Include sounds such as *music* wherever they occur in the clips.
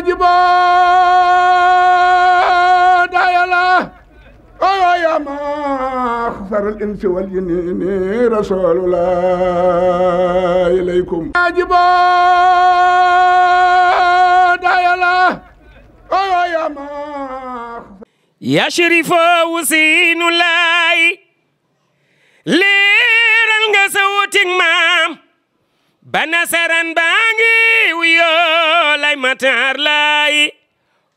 واجبا دايلا ويا ما خسر الانس والجنين رسول الله اليكم واجبا دايلا ويا ما يشرف وسين الله leeral nga sa wutig maam ba nasaraan baa ngi wuyoo laay Matar laay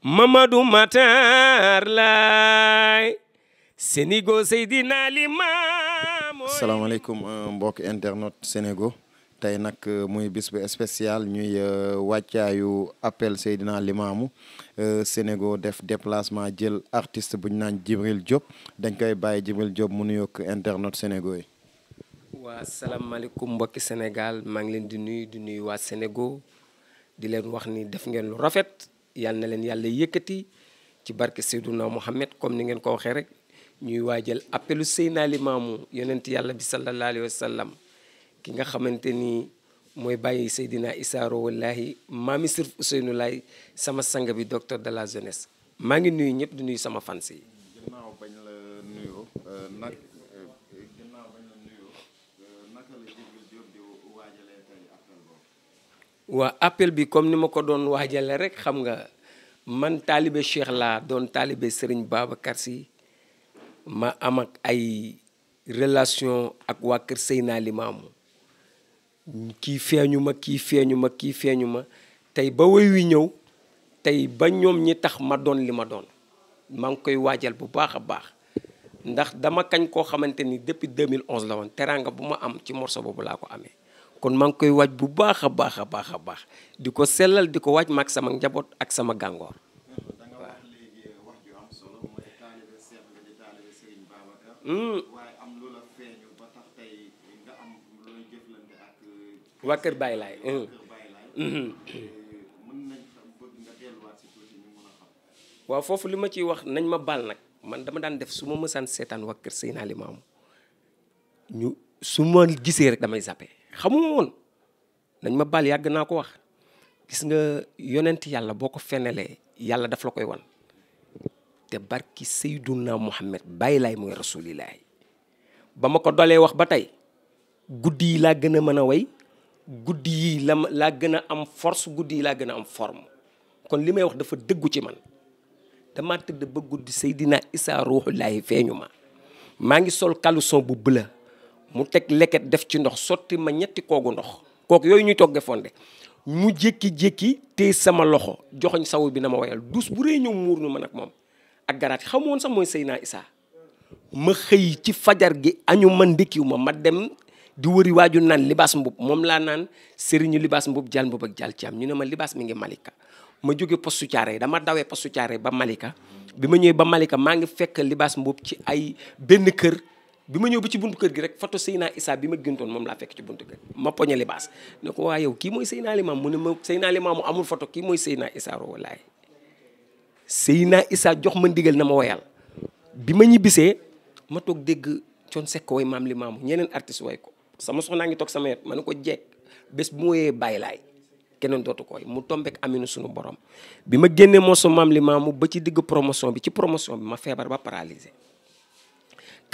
Mamadou Matar laay Sénégo Seydina Limaamu asalaamaaleykum euh, mbokk internet Sénégo tey nag euh, muy bis bu spécial ñuy euh, wàccaayu appel Seydina Limaamu Sénégo def déplacement jël artist bu ñu naan Djibril Diop dañ koy bàyyi Djibril Diop mu nuyoog internet Sénégo yi. waa salaamaaleykum mbokki Sénégal maa ngi leen di nuyu di nuyu waa Sénégo. di leen wax ni def ngeen lu rafet yal na leen yàlla yëkkati ci barke Seydouna Mohamed comme ni ngeen ko waxee rek ñuy waajal appelu Seydina Limaamu yonent yàlla bi sallallahu alayhi sallam ki nga xamante ni mooy bàyyi Seydina Issa Rouhou Lahi maami Sërif Ousseynou Laye sama sang bi docteur de la jeunesse maa ngi nuyu ñëpp di nuyu sama fans yi. waa appel bi comme ni ma ko doon waajale rek xam nga man taalibe Cheikh laa doon taalibe Serigne Babacar Sy ma am ak ay relation ak waa kër Seyna Limaamu kii feeñu ma kii feeñu ma kii feeñu ma tey ba woy wi ñëw tey ba ñoom ñi tax ma doon li ma doon maa ngi koy waajal bu baax a baax ndax dama kañ koo xamante ni depuis 2011 la woon teraanga bu ma am ci morceau boobu laa ko amee kon maa ngi koy waaj bu baax a baax a baax a baax di ko sellal di ko waaj maag sama njaboot ak sama gàngoor waaw hmm. waa kër hmm. Hmm. foofu li ma ciy wax nañ ma baal nag man dama daan def su ma mësaan seetaan waa kër Seydina Limaamu ñu su ma gisee rek damay zappé xamuma woon nañ ma baal yàgg naa ko wax gis nga yonent yàlla boo ko fenelee yàlla daf la koy wan te barki Seydunaa Muhammad bàyyi laay mooy rasulilahi ba ma ko dolee wax ba tey guddi yi laa gën a mën a way guddi yi la laa gën a am force guddi yi laa gën a am forme kon li may wax dafa dëggu ci man dama tëdd ba guddi Seydina Isa ruuxu feeñu ma maa ngi sol caleçon bu bula mu teg leket def ci ndox sotti ma ñetti koogu ndox kooku yooyu ñuy togge fonde mu jékki-jékki téye sama loxo joxoñ saw bi na ma wayal dus bu rëy ñëw muur nu man ak moom ak garaat yi xamoon sax mooy Seydina Issa ma xëy ci fajar gi añu ma ndékkiw ma ma dem di wëri waaju naan libaas mbub moom laa naan sëriñu libaas mbub jal mbub ak jal ci am ñu ne ma libaas mi ngi Malika ma jóge postu caare dama dawee postu caare ba Malika bi ma ñëwee ba Malika maa ngi fekk libaas mbub ci ay benn kër bi ma ñëw ba ci buntu kër gi rek photo Seyna Issa bi ma gëntoon moom laa fekk ci buntu kër gi ma poñe libaas ne ko waa yow kii mooy Seyna Limaam mu ne ma Seyna Limaam mu amul photo kii mooy Seyna Issa Rouwalaay Seyna Issa jox ma ndigal na ma woyal bi ma ñibbisee ma toog dégg coon sekk way maam li maamu ñeneen artiste way ko sama soxnaa ngi toog sama yet ma ne ko jekk bés bu ma woyee bàyyi laay keneen dootu koy mu tombek aminu sunu borom bi ma génnee moo so maam li maamu ba ci digg promotion bi ci promotion bi ma feebar ba paralysé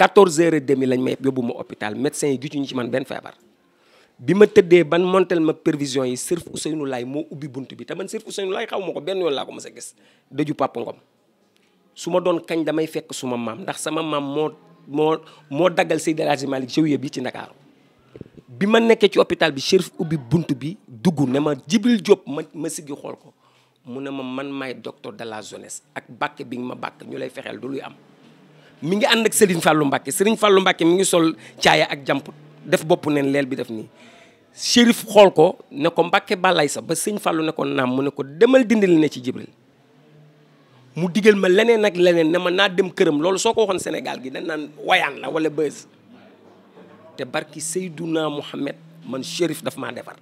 quatorze heures et demie lañ may yóbbu ma hôpital médecin yi ñu ci man benn feebar bi ma tëddee ban montel ma prévision yi Serif Ousseynou Laye moo ubbi bunt bi te man Serif Ousseynou Laye xaw ma ko benn yoon laa ko mës a gis dëju Papa Ngom su ma doon kañ damay fekk suma maam ndax sama maam moo moo moo daggal Seydi El Hadji Malick Jawiya bi ci Ndakaaru bi ma nekkee ci hôpital bi Serif ubbi bunt bi dugg ne ma jibil Diop ma ma siggi xool ko mu ne ma man maay docteur de la jeunesse ak bàkk bi nga ma bàkk ñu lay fexeel du luy am mi ngi ànd ak Serigne fàllu Mbacké Serigne fàllu Mbacké mi ngi sol caaya ak jàmput def bopp neen leel bi def nii Chérif xool ko ne ko Mbacké balay sa ba sëñ fàllu nekkoon ko naam mu ne ko demal dindil ne ci Jibril mu digal ma leneen ak leneen ne ma naa dem këram loolu soo ko waxoon Sénégal gi dañ naan wayaan la wala bës te barki Seydouna Mohamed man Chérif dafa ma defar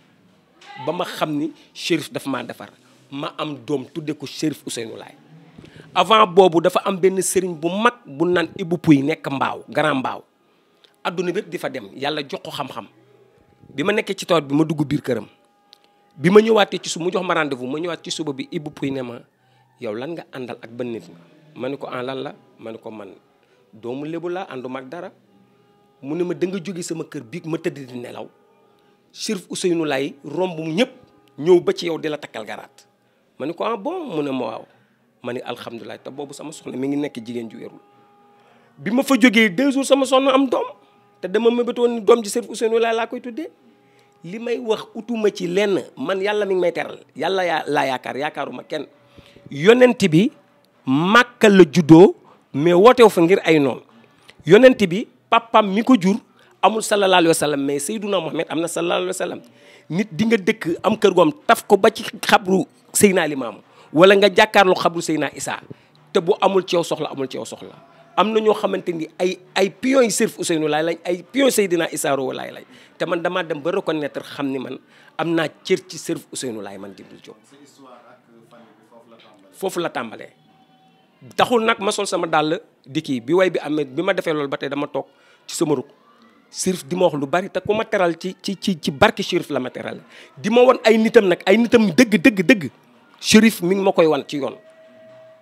ba ma xam ni Chérif dafa maa defar ma am doom tudde ko Chérif Ousseynou Laye avant boobu dafa am benn sëriñ bu mag bu naan Ibou Pouy nekk mbaaw grand mbaaw adduna bépp di fa dem yàlla jox ko xam-xam bi ma nekkee ci tool bi ma dugg biir këram bi ma ñëwaatee ci su mu jox ma rendez ma ñëwaat ci suba bi Ibou Pouy ne ma yow lan nga àndal ak ban nit ma ne ko en ah, lan la ma ne ko man doomu lébu laa ànduma ak dara mu ne ma da jóge sama kër biig ma tëdd di nelaw Chérif Ousseynou Laye romb ñëpp ñëw ba ci yow di la takkal garaat ma ne ko en ah, bon mu ne ma waaw ma ni alhamdulilah te boobu sama soxna mi ngi nekk jigéen ju bi ma fa jógee deux jours sama soxna am doom te dama mébétoon doom ji Serif Ousseynou laa laa koy tuddee li may wax utuma ci lenn man yàlla mi ngi may teral yàlla yaa laa yaakaar yaakaaruma kenn yonent bi màkka la juddoo mais wootew fa ngir ay noon yonent bi papam mi ko jur amul sallallahu alayhi wa sallam mais Seyduna Muhammad am na sallallahu alayhi wa sallam nit di nga dëkk am kër goom taf ko ba ci xabru Seydina Limaamu wala nga jàkkaarloo xabru naa Isa te bu amul ci yow soxla amul ci yow soxla am na ñoo xamante ni ay ay pion yi sërf Ousseynou laay lañ ay pion Seydina Isa Rohou laay lañ te man damaa dem ba reconnaître xam ni man am naa cër ci sërf Ousseynou laay man Djibril Diop foofu la tàmbalee taxul nag ma sol sama dàll di kii bi way bi amee bi ma defee loolu ba te dama toog ci sama ruk sërif di ma wax lu bari te ku ma teral ci ci ci ci barke sërif la ma teral di ma won ay nitam nag ay nitam dëgg dëgg Chérif mi ma koy wan ci yoon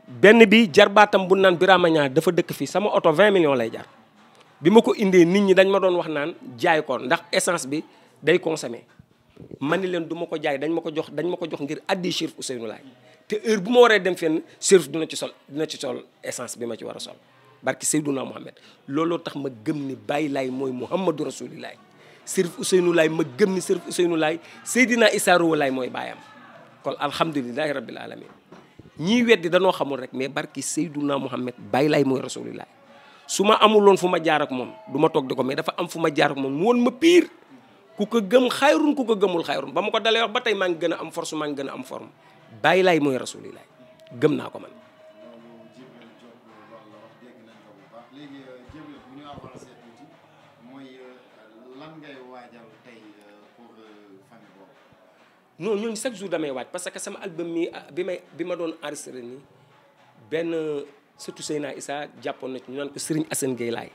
benn bi baatam bu naan Birama Niang dafa dëkk fii sama oto 20 millions lay jar bi ma ko indee nit ñi dañ ma doon wax naan jaay ko ndax essence bi day consommé ma ni leen du ma ko jaay dañ ma ko jox dañ ma ko jox ngir addi Chérif Ousseynou Laye te heure bu ma waree dem fen Chérif dina ci sol dina ci sol essence bi ma ci war a sol barki Seydouna Mohamed looloo tax ma gëm ni bàyyi laay mooy Mouhamadou Rasoulilaahi Chérif Ousseynou Laye ma gëm ni Chérif Ousseynou Laye Seydina Issa Rouhou Laye mooy baayam kon alhamdulilahi rabbil alamin ñii weddi danoo xamul rek mais barki Seydouna Mouhamed bàyyi laay mooy rasulillah su ma amuloon fu ma jaarak moom du ma toog di ko mais dafa am fu ma jaar moom mu woon ma pire ku ko gëm xayrun ku ko gëmul xayrun ba ma ko dalee wax ba tey maa ngi gën a am force maa ngi gën am forme bàyyi laay mooy rasulillah gëm naa ko man noonu ñooñu chaque jour damay waaj parce que sama album mi bi may bi ma doon enregistré nii benn surtout Seyna Issa jàppoon na ci ñu naan ko Serigne Assane Gueye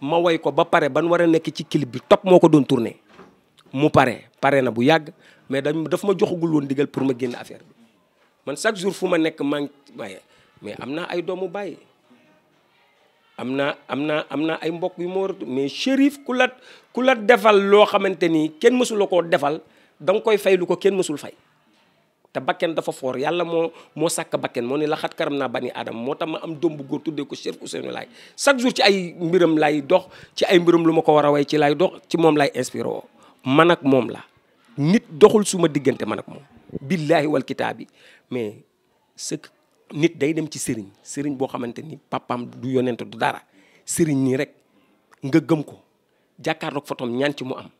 ma woy ko ba pare ban war a nekk ci clip bi topp moo ko doon tourné mu pare pare na bu yàgg mais dañ daf ma joxagul woon digal pour ma génn affaire bi man chaque jour fu ma nekk maa waaye mais am naa ay doomu bàyyi am naa am naa am naa ay mbokk yu ma war mais Chérif ku la ku defal loo xamante ni kenn mësu koo defal da koy fay lu ko kenn mësul fay te bakken dafa foor yàlla moo moo sàkk bakken moo ne xat karam naa bani aadama moo tax ma am doom bu góor tuddee ko Cheikh Ousseynou Laay chaque jour ci ay mbiram lay dox ci ay mbiram lu ma ko war a way ci lay dox ci moom lay inspiré woo man ak moom la nit doxul suma diggante man ak moom billaahi wal kitaabi mais sëkk nit day dem ci sëriñ sëriñ boo xamante ni papaam du yonent du dara sëriñ nii rek nga gëm ko jàkkaar fotom ñaan ci mu am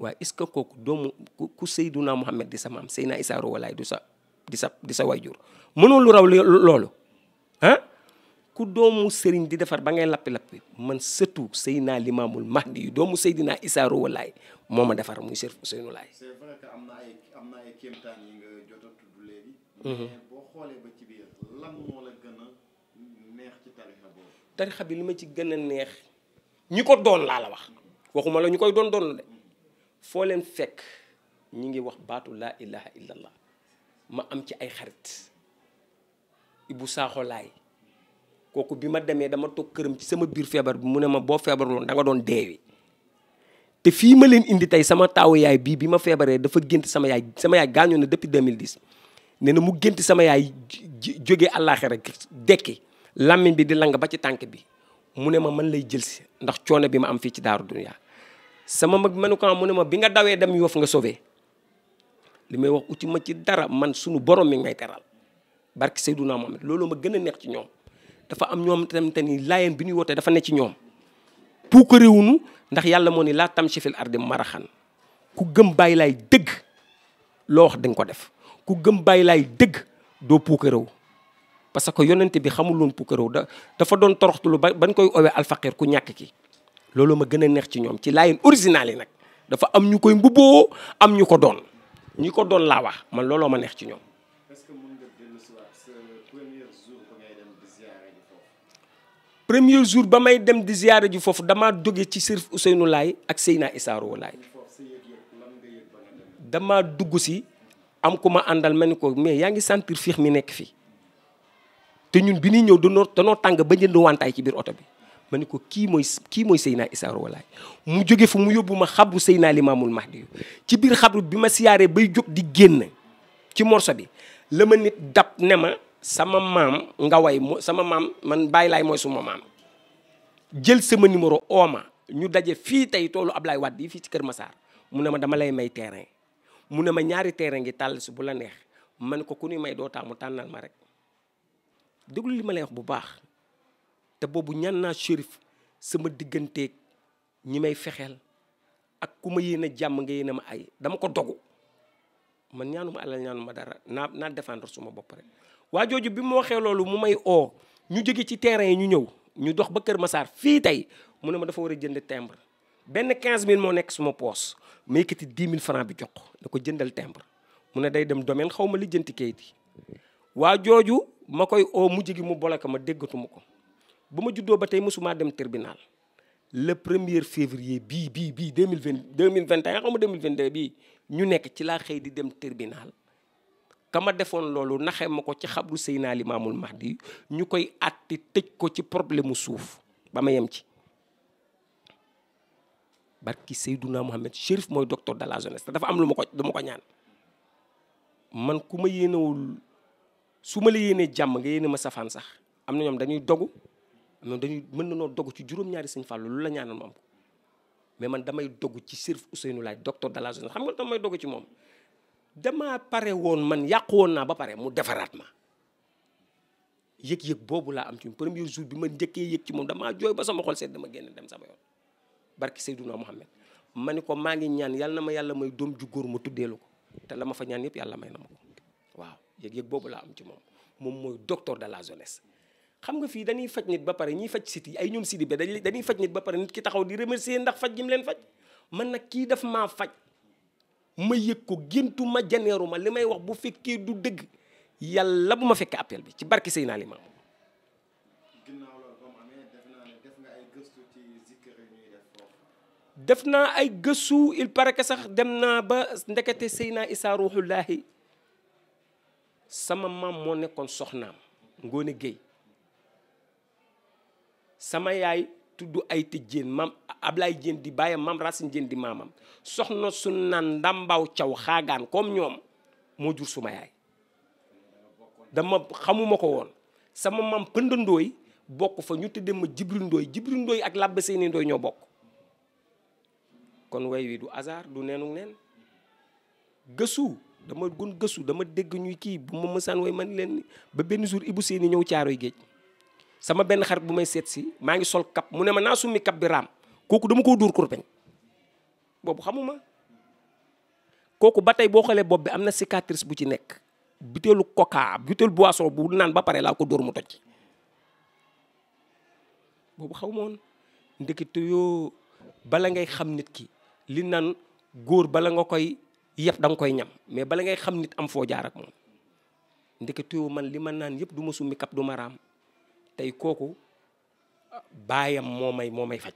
waaye est-ce que kooku doomu ku Seydina Muhammad di sa maam Seydina Issa Rouhou Laye du sa di sa di sa wayjur lu raw loolu ah ku doomu sëriñ di defar ba ngay lappi-lappi man sëtu Seydina Limaamul Mahdi yu doomu Seydina Issa Rouhou Laye moo ma defar muy Cheikh Ousseynou Laye ay am mhm. boo xoolee ba tarixa bi li ma ci gën a neex ñi ko doon laa la wax waxuma la ñu koy doon doon de foo leen fekk ñi ngi wax baatu laa ilaha la ma am ci ay xarit Ibou Sakho laay kooku bi ma demee dama toog këram ci sama biir feebar bi mu ne ma boo feebaruloon da nga doon deewi te fii ma leen indi tey sama taawu yaay bii bi ma feebaree dafa gént sama yaay sama yaay gaañoo na depuis 2010 nee na mu gént sama yaay jóge àllaaxira rek dekki làmmiñ bi di lang ba ci tànk bi mu ne ma man lay jëlsi ndax coono bi ma am fii ci daaru duniyaa sama mag manu ko mu ne ma bi nga dawee dem yoofu nga sauvé li may wax uti ma ci dara man sunu borom mi ngay teral barke naa Mohamed loolu ma gën a neex ci ñoom dafa am ñoom tamit ni laayeen bi ñuy wootee dafa ne ci ñoom puukaréwunu ndax yàlla moo ni laa tam sifil ardi maraxan ku gëm bàyyi laay dëgg loo wax danga ko def ku gëm bàyyi laay dëgg doo puukaréw parce que yonente bi xamul woon puukaréw da dafa doon toroxtu lu ba bañ koy owee alfaqir ku ñàkk ki looloo ma gën a neex ci ñoom ci laayin original yi nag dafa am ñu koy mbubboo am ñu ko doon ñu ko doon laa wax man looloo ma neex ci ñoom. est que premier jour ba may dem di ziyaare ji foofu damaa doge ci Serif Ousseynou Laay ak Seyna Issarou Laay damaa dugg si am ku ma àndal ma ni ko mais yaa ngi sentir fiix mi nekk fii te ñun bi nuy ñëw danoo danoo tàng ba jënd wantaay ci biir oto bi. ma ni ko kii mooy kii mooy Seydina Issa Rouhou Laye mu jóge fu mu yóbbu ma xabru Seydina Limaamul Mahdi ci biir xabru bi ma siyaaree bay jóg di génn ci morso bi la ma nit dab ne ma sama maam nga way sama maam man bàyyi laay mooy suma maam jël sama numéro ooma ñu daje fii tey toolu Ablaye Wade bi fii ci Kër Massar mu ne ma dama lay may terrain mu ne ma ñaari terrain ngi tàll si bu la neex ma man ko ku ñuy may doo taamu tànnal ma rek déglu li ma lay wax bu baax te boobu ñaan naa shérif sama digganteeg ñi may fexeel ak ku ma yéene jàmm nga yéene ma ay dama ko dogu man ñaanu ñaanuma alal ma dara naa naa défendre suma bopp rek. waa jooju bi mu waxee loolu mu may oo ñu jóge ci terrain yi ñu ñëw ñu dox ba Kër Massar fii tey mu ne ma dafa war a jënd timbre benn mille moo nekk suma poos ma yëkkati 10 000 francs bi jox na ko jëndal timbre mu ne day dem domaine xaw ma lijjanti kayit yi waa jooju ma koy oo mujj mu boloka ma déggatuma ko. ba ma juddoo ba tey mosumaa dem tribunal le premier février bii bii bii deux mille vingt deux mille vingt et un xaw ma deux ñu nekk ci laa xëy di dem tribunal kama defoon loolu naxe ma ko ci xabru Seydina Limaamul Mahdi ñu koy àtte tëj ko ci problème mu suuf ba ma yem ci barki Seydouna Mohamed Chérif mooy docteur de la jeunesse te dafa am lu ma ko lu man ku ma yéenewul su ma la yéenee jàmm nga yéene ma safaan sax am na ñoom dañuy dogu mais dañuy mën na noo dogg ci juróom-ñaari sëñ Fallou lu la ñaanal ma ko mais man damay dogg ci Serif Ousseynou Laye docteur de la jeunesse xam nga damay dogg ci moom damaa pare woon man yàqu woon naa ba pare mu defaraat ma yëg-yëg boobu laa am ci premier jour bi ma njëkkee yëg ci moom damaa jooy ba sama xol seet dama génn dem sama yoon barki Seydouna Mohamed ma ni ko maa ngi ñaan yàlla na ma yàlla may doom ju góor ma tuddeelu ko te la ma fa ñaan yëpp yàlla may na ma ko waaw yëg-yëg boobu laa am ci moom moom mooy docteur de la jeunesse xam nga fii dañuy faj nit ba pare ñiy faj siti ay ñoom sidi ba dañuy faj nit ba pare nit ki taxaw di remercier ndax faj gi mu leen faj man nag kii daf ma faj ma yëg ko géntu ma janeeru ma li may wax bu fekkee du dëgg yàlla bu ma fekkee appel bi ci barke Seydina Limaamu def naa ay gëstu il paraît que sax dem naa ba ndekete Seydina Isaa Ruuxullaahi sama maam moo nekkoon soxnaam Ngoone Géey sama yaay tudd ay tëjjéen maam Ablaye Dieng di baayam maam Racine Dieng di maamam soxna su naan ndambaw caw xaagaan comme ñoom moo jur suma yaay dama xamuma ko woon sama maam pëndandooy bokk fa ñu tëddee ma jibril ndooy jibril ndooy ak làbba seeni ndooy ñoo bokk kon way wii du hasard du neenu neen gësu dama gon gësu dama dégg ñuy kii bu ma mësaan way man leen ba benn jour ibu seeni ñëw caaroy géej sama benn xarit bu may seet si maa ngi sol cap mu ne ma naa summi cap bi raam kooku dama koo dóor kurpeñ boobu xamuma kooku ba tey boo xoolee bopp bi am na cicatrice bu ci nekk butéelu coca butéelu boisson bu naan ba pare laa ko dóor mu toj boobu xaw ma woon ndekete yoo bala ngay xam nit ki li naan góor bala nga koy yëpp da nga koy ñam mais bala ngay xam nit am foo jaar ak moom ndekete yoo man li ma naan yëpp du ma summi cap du ma raam ay kooku baayam moo may moo may faj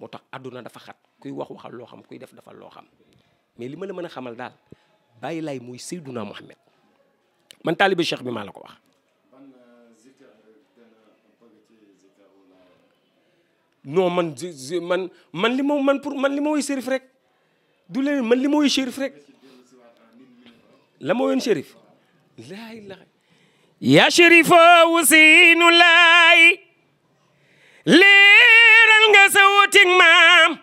moo tax àdduna dafa xat kuy wax waxal loo xam kuy def dafa loo xam mais li ma la mën a xamal daal bàyyi laay muy Seyduna Muhammad man taalibe Cheikh bi ma la ko wax. Euh, euh, non man man man li ma man pour man li ma woy Chérif rek du leen man li ma woy Chérif rek laay euh, laay yashrifa wusinu laay leeral nga sa wutig maam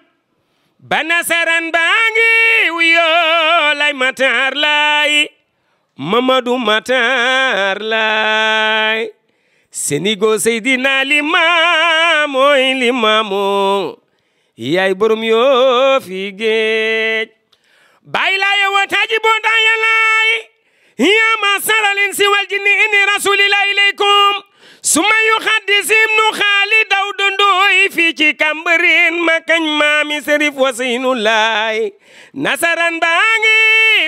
ba nasaran baa ngi wuyoo lay mataar laay mamadu mataar laay senigo seydina limaamoy limaamo yaay borom yoo fi géej bay laaye wa taji boo daayala hiya ma saral insi wal inni rasulillahi ilaykum suma yu xaddisim nu xaali daw fii ci kambarin ma kañ maami serif wasinu nasaran baa ngi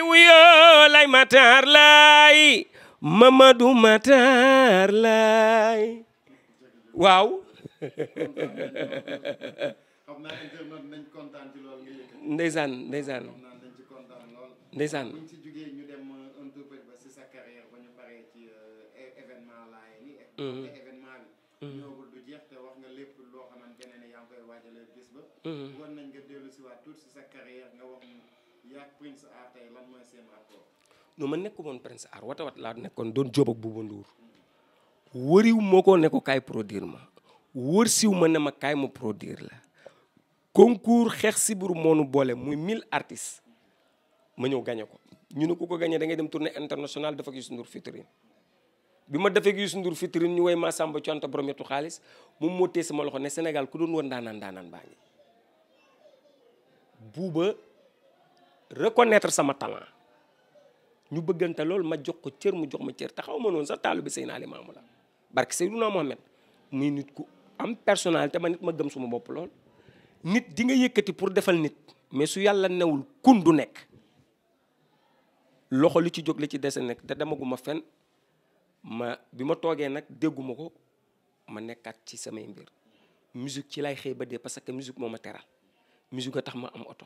wuyoo lay mataar laay mamadu mataar laay waaw ndeysaan ndeysaan ndeysaan Mm-hmm. Mm-hmm. wax nga lépp loo xamante ne ne ba mm-hmm. war nañ nga dellu si waat tuuti si sa Prince Art tey moon Prince Art laa nekkoon doon jóob ak Bouba Ndour wëriw moo ko ne produire ma wër siw ma ne ma kaay mu produire la concours xeex si sibir moonu boole muy mille artistes ma ñëw gañe ko ñu ne ku ko gañee da ngay dem tournée internationale dafa gis Ndour featuring bi ma defee gis Ndour vitrine ñu woy Massamba Conta borom yetu xaalis moom moo tee sama loxo ne Sénégal ku doon woon ndaanaan ndaanaan baa ngi buuba reconnaître sama talent ñu bëggante lool ma jox ko cër mu jox ma cër te xaw ma noonu sax taalu bi Seydina Limaamu la barke Seydina Mohamed muy nit ku am te ma nit ma gëm suma bopp lool nit di nga yëkkati pour defal nit mais su yàlla newul kun du nekk loxo lu ci jóg li ci dese nekk te demaguma fen ma bi ma toogee nag dégguma ko ma nekkaat ci samay mbir musique ci lay xëy ba dee parce que musique moo ma teral musique a tax ma am oto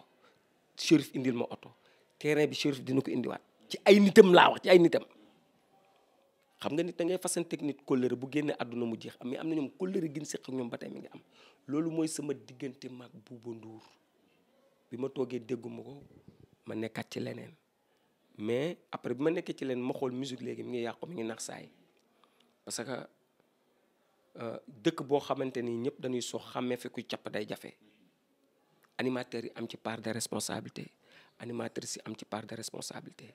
Chérif indil ma oto terrain bi Chérif dina ko indiwaat ci ay nitam laa wax ci ay nitam xam nga nit ta ngay fasanteeg technique kóllëre bu génne àdduna mu jeex am mais am na ñoom kóllëre gin séq ak ñoom ba tey mi ngi am loolu mooy sama diggante maag Buuba Nduur bi ma toogee dégguma ko ma nekkaat ci leneen mais après bi ma nekkee ci leen ma xool musique léegi mi ngi yàqu mu ngi nax saay parce que euh, dëkk boo xamante ni ñëpp dañuy soo xàmmee fi kuy capp day jafe animateurs yi am ci part de responsabilité animatrices yi am ci part de responsabilité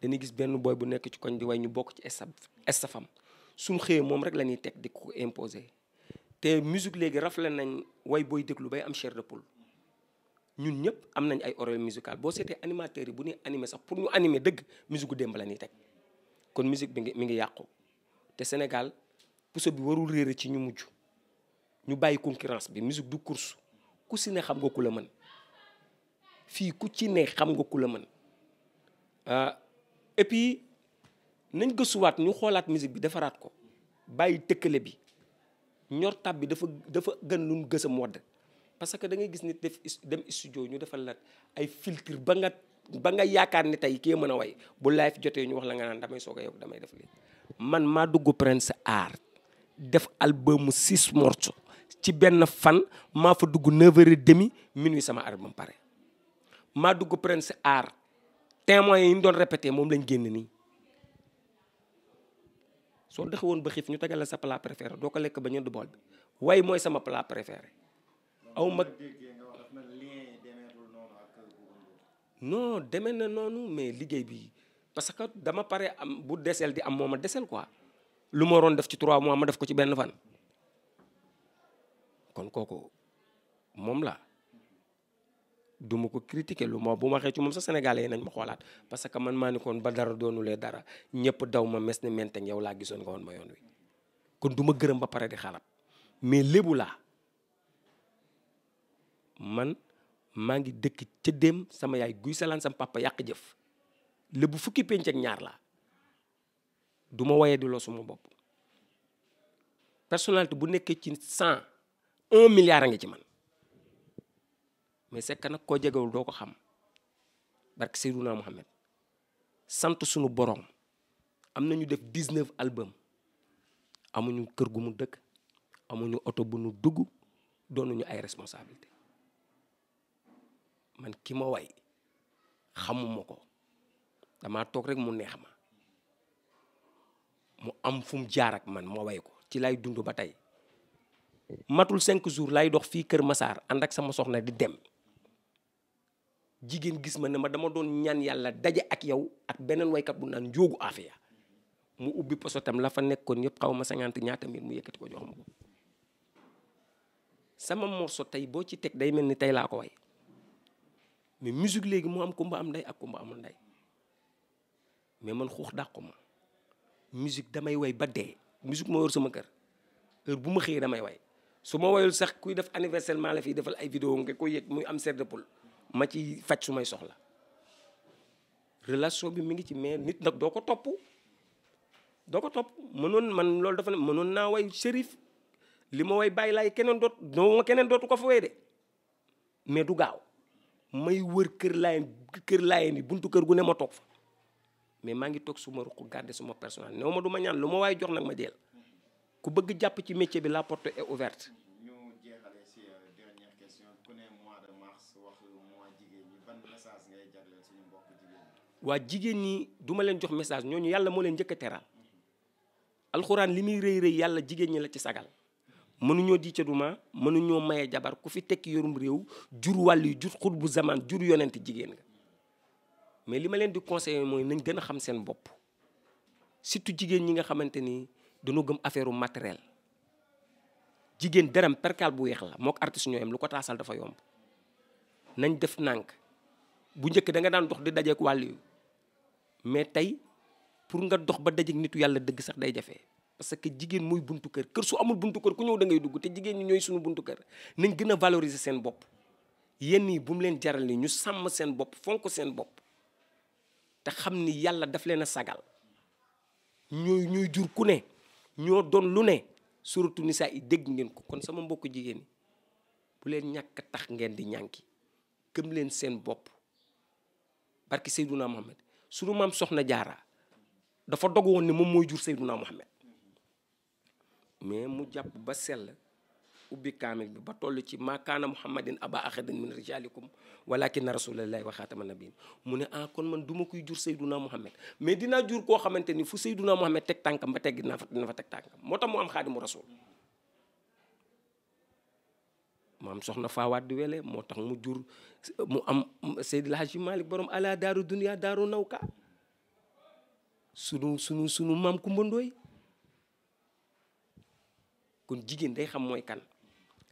dañuy gis benn booy bu nekk ci koñ di way ñu bokk ci estaf estafam suñ xëyee moom rek la ñuy teg di ko imposer te musique léegi rafle nañ way booy déglu bay am cher de poule ñun ñëpp am nañ ay oreille musicale boo seetee animateurs yi bu ñuy anime sax pour ñu animé dëgg musique gu démb la ñuy teg kon musique bi ngi mi ngi yàqu te Sénégal puso bi warul réere ci ñu mujj ñu bàyyi concurrence bi musique du course ku si ne xam nga ku la mën fii ku ci ne xam nga ku la mën ah, et puis nañ gëstuwaat ñu xoolaat musique bi defaraat ko bàyyi tëkkale bi ñor bi dafa dafa gën luñ gësam wadd parce que da ngay gis nit def dem studio ñu defal la ay filtre ba nga ba nga yaakaar ne tey kii mën a way bu live jotee ñu wax la nga naan damay soog a damay def lii. man maa dugg Prince Art def albumu six morceaux ci benn fan maa fa dugg neuf heures et demi minuit sama album pare. maa dugg Prince Art témoins yi ñu doon répété moom lañ génn nii. soo dexe woon ba xiif ñu tegal sa plat préféré doo ko lekk ba ñënd bool bi way mooy sama plat préféré. aw mag non demee na noonu mais liggéey bi parce que dama pare am bu desel di am moom ma desel quoi lu ma waroon def ci trois mois ma def ko ci benn fan kon kooku moom la du ko critiquer lu ma bu ma waxee ci moom sax sénégalais yi nañ ma xoolaat parce que man maa ni koon ba dara doonulee dara ñëpp daw ma mes ne menteng yow laa gisoon nga woon ma yoon wi kon du ma gërëm ba pare di xalaat mais lébu laa man maa ngi dëkk ca déem sama yaay guy salaan sama papa yàq jëf lébu fukki pénc ak ñaar laa du ma wayee di loo suma bopp personnalité bu nekkee ci cent un milliard a ngi ci man mais sekk nag koo jegewul doo ko xam barke Seydina Mohamed sant sunu borom am na ñu def dix-neuf album amuñu kër gu mu dëkk amuñu oto bu nu dugg doonuñu ay responsabilité man ki ma way xamuma ko dama toog rek mu neex ma mu am fu mu jaar ak man ma way ko ci lay dund ba tey matul cinq jours lay dox fii Kër Masaar ànd ak sama soxna di dem jigéen gis ma ne ma dama doon ñaan yàlla daje ak yow ak beneen waykat bu naan njóogu afia mu ubbi posotam la fa nekkoon yëpp xaw ma cinquante ñaata mille mu yëkkati ko jox ma ko sama morso tey boo ci teg day mel ni tey laa ko way mais musique léegi moo am kumba am ndey ak kumba amul ndey mais man xuux dàqu ma musique damay way ba dee musique moo yor sama kër heure bu ma xëyee damay way su ma wayul sax kuy def anniversaire maa la fiy defal ay video nga koy yëg muy am serre de ma ci faj su may soxla relation bi mu ngi ci mais nit nag doo ko topp doo ko topp mënoon man loolu dafa ne mënoon naa way shérif li ma way bàyyi laay keneen doot doo keneen dootu ko fa way de mais du gaaw may wër kër laayeen kër laayeen yi buntu kër gu ne ma toog fa mais maa ngi toog suma ruq garder suma personnel néew ma du ma ñaan lu ma waaye jox nag ma jël ku bëgg jàpp ci métier bi la porte est ouverte. ñu jeexale ci euh, dernière wax mois jigéen ñi ban jigéen ñi. waa jigéen ñi du leen jox message ñooñu yàlla moo leen njëkk a teral alxuraan li muy rëy rëy yàlla jigéen ñi la ci sagal. mënuñoo diicaduma mënuñoo maye jabar ku fi tekki yorum réew jur wàll jur xut bu zaman jur yonent jigéen nga mais li ma leen di conseiller mooy nañ gën a xam seen bopp surtout jigéen ñi nga xamante ni danoo gëm affaire matériel jigéen dërëm perkaal bu weex la moo ko artiste ñoo yem lu ko taasal dafa yomb nañ def nànk bu njëkk danga daan dox di dajeek wàll yu mais tey pour nga dox ba dajeek nitu yàlla dëgg sax day jafe parce que jigéen mooy buntu kër kër su amul buntu kër ku ñëw da ngay dugg te jigéen ñi ñooy suñu buntu kër nañ gën a valoriser seen bopp yenn yi bu mu leen jaral ni ñu sàmm seen bopp fonk seen bopp te xam ni yàlla daf leen a sagal ñooy ñooy jur ku ne ñoo doon lu ne suratu nisaa yi dégg ngeen ko kon sama mbokk jigéen ñi bu leen ñàkk tax ngeen di ñànki gëm leen seen bopp barki Seydouna Mohamed sunu maam soxna jaara dafa dog woon ne moom mooy jur Seydouna Mohamed mais mu jàpp ba sell ubbi kaamil bi ba toll ci maakaana muhammadin aba axadin min rijalikum walakin rasulullahi wa xaatama nabiin mu ne ah kon man du ma koy jur sayduna muhammad mais dina jur koo xamante ni fu sayduna muhammad teg tànkam ba teg dina fa fa teg tànkam moo tax mu am xaadimu mu am soxna faawaat di moo tax mu jur mu am seydil hajji malik borom ala daaru dunia daaru nawka sunu sunu sunu maam kumbandooy kon jigéen day xam mooy kan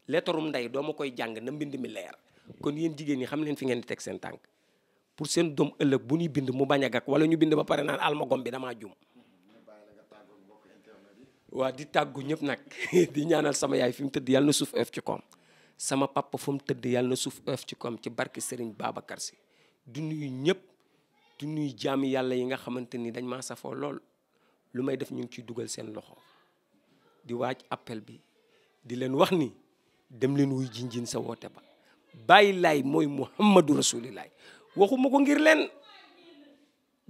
leetarum ndey doo koy jàng na mbind mi leer kon yéen jigéen ñi xam leen fi ngeen di teg seen tànk pour seen doom ëllëg bu ñuy bind mu bañ a gàkk wala ñu bind ba pare naan almagom bi damaa jum waa di tàggu ñëpp nag *laughs* di ñaanal sama yaay fi mu tëdd yàlla na suuf oyof ci koom sama papa fu mu tëdd yàlla na suuf oyof ci koom ci barke Serigne Babacar Sy du nuyu ñëpp du nuyu jaami yàlla yi nga xamante ni dañ maa safoo lool lu may def ñu ngi ciy dugal seen loxo di waaj appel bi di leen wax ni dem leen wuy jinjin sa woote ba bàyyi laay mooy muhammadu rasulilaay waxuma ko ngir leen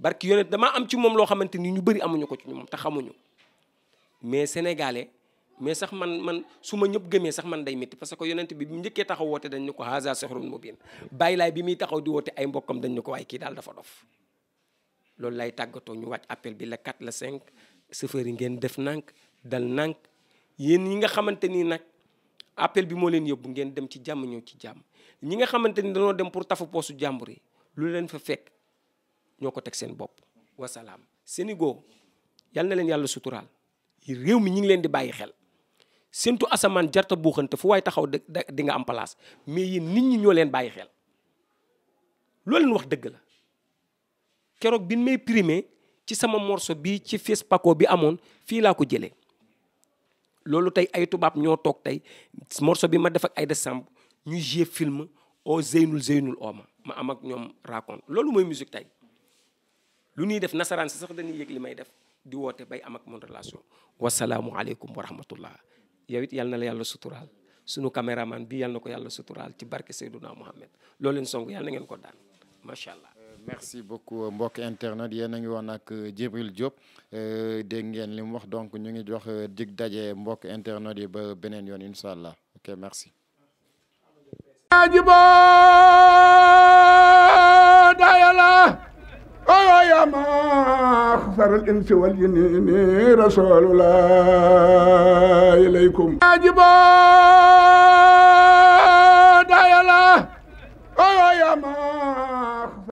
barki yonent dama am ci moom loo xamante ni ñu bëri amuñu ko ci ñu moom taxamuñu xamuñu mais sénégalais mais sax man man su ma ñëpp gëmee sax man day métti parce que yonent bi bu njëkkee taxaw woote dañ ne ko haza sihrun mubin bàyyi laay bi muy taxaw di woote ay mbokkam dañ ne ko waaye kii daal dafa dof loolu lay tàggatoo ñu wàcc appel bi la la 5 chauffeur yi ngeen def nànk yéen ñi nga xamante ni nag appel bi moo leen yóbbu ngeen dem ci jàmm ñëw ci jàmm ñi nga xamante ni dañoo dem pour tafu poosu jàmbur yi lu leen fa fekk ñoo ko teg seen bopp wasalaam Sénégal yal na leen yàlla suturaal réew mi ñu ngi leen di bàyyi xel sentu asamaan jarta buuxante fu waaye taxaw di nga am place mais yéen nit ñi ñoo leen bàyyi xel loo wax dëgg la keroog bi nu may primé ci sama morso bi ci Fespaco bi amoon fii laa ko jëlee loolu tey ay tubaab ñoo toog tey morceau bi ma def ay Aïda Samb ñu joué film au Zeynul Zeynul Oma ma am ak ñoom raconte loolu mooy musique tey lu ñuy def nasaraan si sax dañuy yëg li may def di woote bay am ak mon relation wasalaamualeykum wa rahmatullah yow it yal na la yàlla suturaal sunu caméraman bi yal na ko yàlla suturaal ci barke Seydouna Mohamed lool leen song yal na ngeen ko daan allah. merci beaucoup euh, mbokk internet yéen a ngi woon ak euh, Djibril Diop euh, dégg ngeen li mu wax donc ñu ngi jox dig daje mbokk internet yi ba beneen yoon incha allah ok merci. يا ما خسر الإنس والجن رسول الله إليكم أجبار